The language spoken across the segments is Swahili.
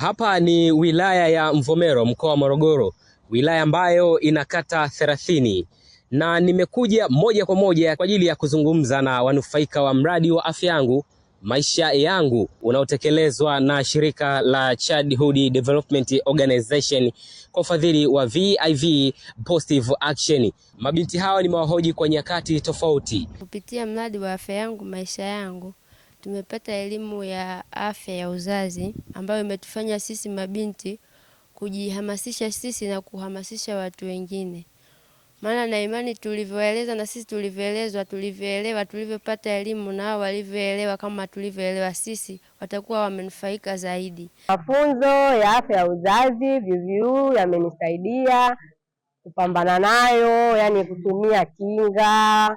Hapa ni wilaya ya Mvomero mkoa wa Morogoro, wilaya ambayo ina kata thelathini na nimekuja moja kwa moja kwa ajili ya kuzungumza na wanufaika wa mradi wa afya yangu maisha yangu unaotekelezwa na shirika la Childhood Development Organization kwa ufadhili wa VIV Positive Action. Mabinti hawa nimewahoji kwa nyakati tofauti kupitia mradi wa afya yangu maisha yangu tumepata elimu ya afya ya uzazi ambayo imetufanya sisi mabinti kujihamasisha sisi na kuhamasisha watu wengine, maana na imani tulivyoeleza na sisi tulivyoelezwa, tulivyoelewa, tulivyopata elimu na hao walivyoelewa kama tulivyoelewa sisi, watakuwa wamenufaika zaidi. Mafunzo ya afya ya uzazi vyuvyuu yamenisaidia kupambana nayo, yani kutumia kinga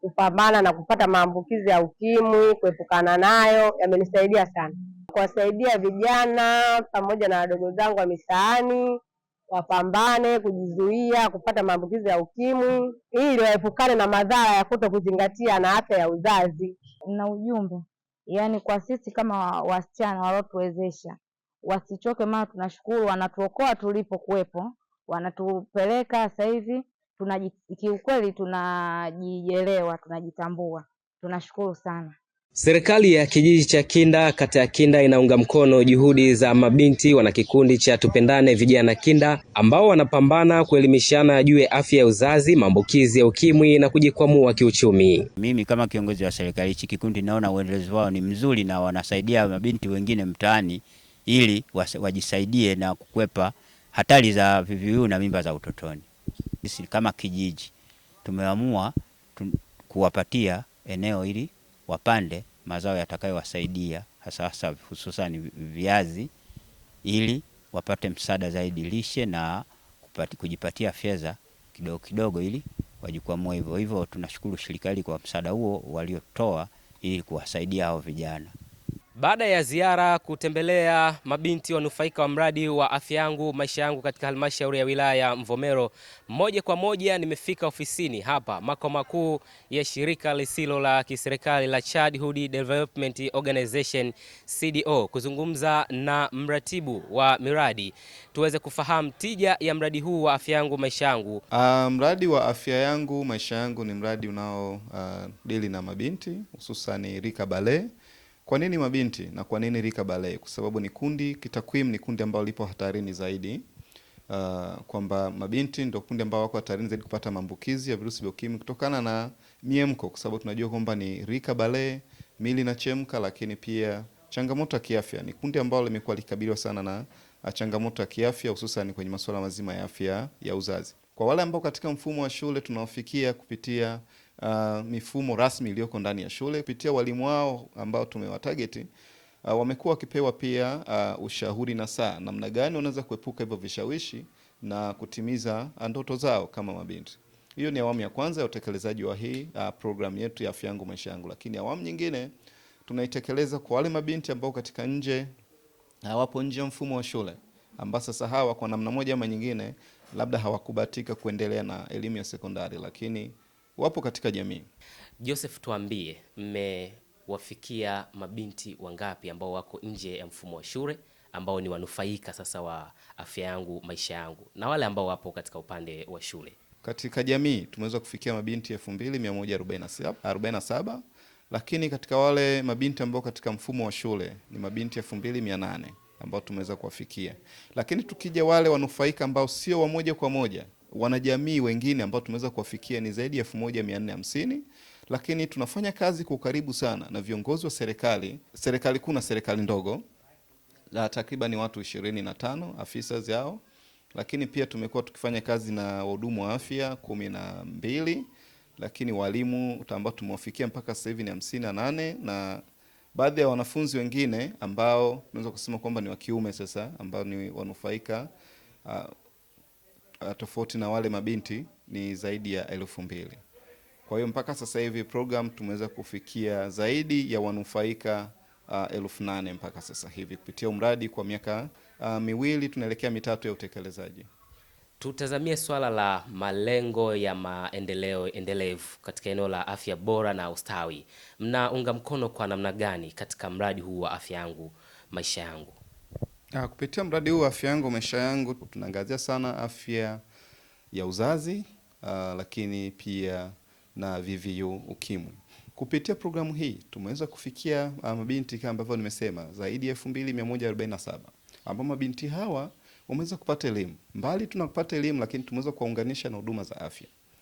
kupambana na kupata maambukizi ya ukimwi, kuepukana nayo, yamenisaidia sana kuwasaidia vijana pamoja na wadogo zangu wa misaani wapambane kujizuia kupata maambukizi ya ukimwi ili waepukane na madhara ya kuto kuzingatia na afya ya uzazi. Na ujumbe yaani, kwa sisi kama wasichana walotuwezesha, wasichoke, maana tunashukuru, wanatuokoa tulipokuwepo, wanatupeleka sasa hivi tunajikiukweli kiukweli tunajielewa, tunajitambua. Tunashukuru sana. Serikali ya kijiji cha Kinda kata ya Kinda inaunga mkono juhudi za mabinti wana kikundi cha Tupendane Vijana Kinda ambao wanapambana kuelimishana juu ya afya ya uzazi, maambukizi ya ukimwi na kujikwamua kiuchumi. Mimi kama kiongozi wa serikali, hichi kikundi naona uendelezo wao ni mzuri na wanasaidia mabinti wengine mtaani ili wajisaidie na kukwepa hatari za VVU na mimba za utotoni. Sisi kama kijiji tumeamua kuwapatia eneo ili wapande mazao yatakayowasaidia hasa hasa hususan viazi ili wapate msaada zaidi lishe na kupati, kujipatia fedha kidogo kidogo ili wajikwamue hivyo hivyo. Tunashukuru serikali kwa msaada huo waliotoa ili kuwasaidia hao vijana. Baada ya ziara kutembelea mabinti wanufaika wa mradi wa afya yangu maisha yangu katika halmashauri ya wilaya ya Mvomero, moja kwa moja nimefika ofisini hapa makao makuu ya shirika lisilo la kiserikali la Childhood Development Organization CDO, kuzungumza na mratibu wa miradi tuweze kufahamu tija ya mradi huu wa afya yangu maisha yangu. Uh, mradi wa afya yangu maisha yangu ni mradi unao uh, ah, dili na mabinti hususani rika bale kwa nini mabinti na kwa nini rika bale? Kwa sababu ni kundi kitakwimu, ni kundi ambalo lipo hatarini zaidi uh, kwamba mabinti ndio kundi ambao wako hatarini zaidi kupata maambukizi ya virusi vya ukimwi kutokana na miemko, kwa sababu tunajua kwamba ni rika bale, mili inachemka, lakini pia changamoto ya kiafya. Ni kundi ambalo limekuwa likikabiliwa sana na uh, changamoto ya kiafya, hususan kwenye masuala mazima ya afya ya uzazi. Kwa wale ambao katika mfumo wa shule tunawafikia kupitia uh, mifumo rasmi iliyoko ndani ya shule kupitia walimu wao ambao tumewatageti Uh, wamekuwa wakipewa pia uh, ushauri na saa namna gani wanaweza kuepuka hivyo vishawishi na kutimiza uh, ndoto zao kama mabinti. Hiyo ni awamu ya kwanza ya utekelezaji wa hii uh, programu yetu ya Afya Yangu Maisha Yangu, lakini awamu nyingine tunaitekeleza kwa wale mabinti ambao katika nje hawapo uh, nje ya mfumo wa shule ambao sasa hawa kwa namna moja ama nyingine labda hawakubatika kuendelea na elimu ya sekondari, lakini wapo katika jamii. Joseph, tuambie mmewafikia mabinti wangapi ambao wako nje ya mfumo wa shule ambao ni wanufaika sasa wa afya yangu maisha yangu na wale ambao wapo katika upande wa shule? Katika jamii tumeweza kufikia mabinti 2147 lakini katika wale mabinti ambao katika mfumo wa shule ni mabinti 2800 ambao tumeweza kuwafikia, lakini tukija wale wanufaika ambao sio wa moja kwa moja wanajamii wengine ambao tumeweza kuwafikia ni zaidi ya 1450 lakini tunafanya kazi kwa ukaribu sana na viongozi wa serikali, serikali kuu na serikali ndogo, la takriban watu 25 afisa zao, lakini pia tumekuwa tukifanya kazi na wahudumu wa afya kumi na mbili, lakini walimu ambao tumewafikia mpaka sasa hivi ni 58 na baadhi ya wanafunzi wengine ambao tunaweza kusema kwamba ni wa kiume sasa ambao ni wanufaika ah, Uh, tofauti na wale mabinti ni zaidi ya elfu mbili. Kwa hiyo mpaka sasa hivi program tumeweza kufikia zaidi ya wanufaika uh, elfu nane mpaka sasa hivi kupitia umradi kwa miaka uh, miwili tunaelekea mitatu ya utekelezaji. Tutazamie swala la malengo ya maendeleo endelevu katika eneo la afya bora na ustawi. Mnaunga mkono kwa namna gani katika mradi huu wa afya yangu maisha yangu? Ah, kupitia mradi huu Afya Yangu Maisha Yangu, tunaangazia sana afya ya uzazi uh, lakini pia na VVU ukimwi. Kupitia programu hii tumeweza kufikia ah, mabinti um, kama ambavyo nimesema zaidi ya 2147 ambao mabinti hawa wameweza kupata elimu. Mbali tunapata elimu, lakini tumeweza kuwaunganisha na huduma za afya.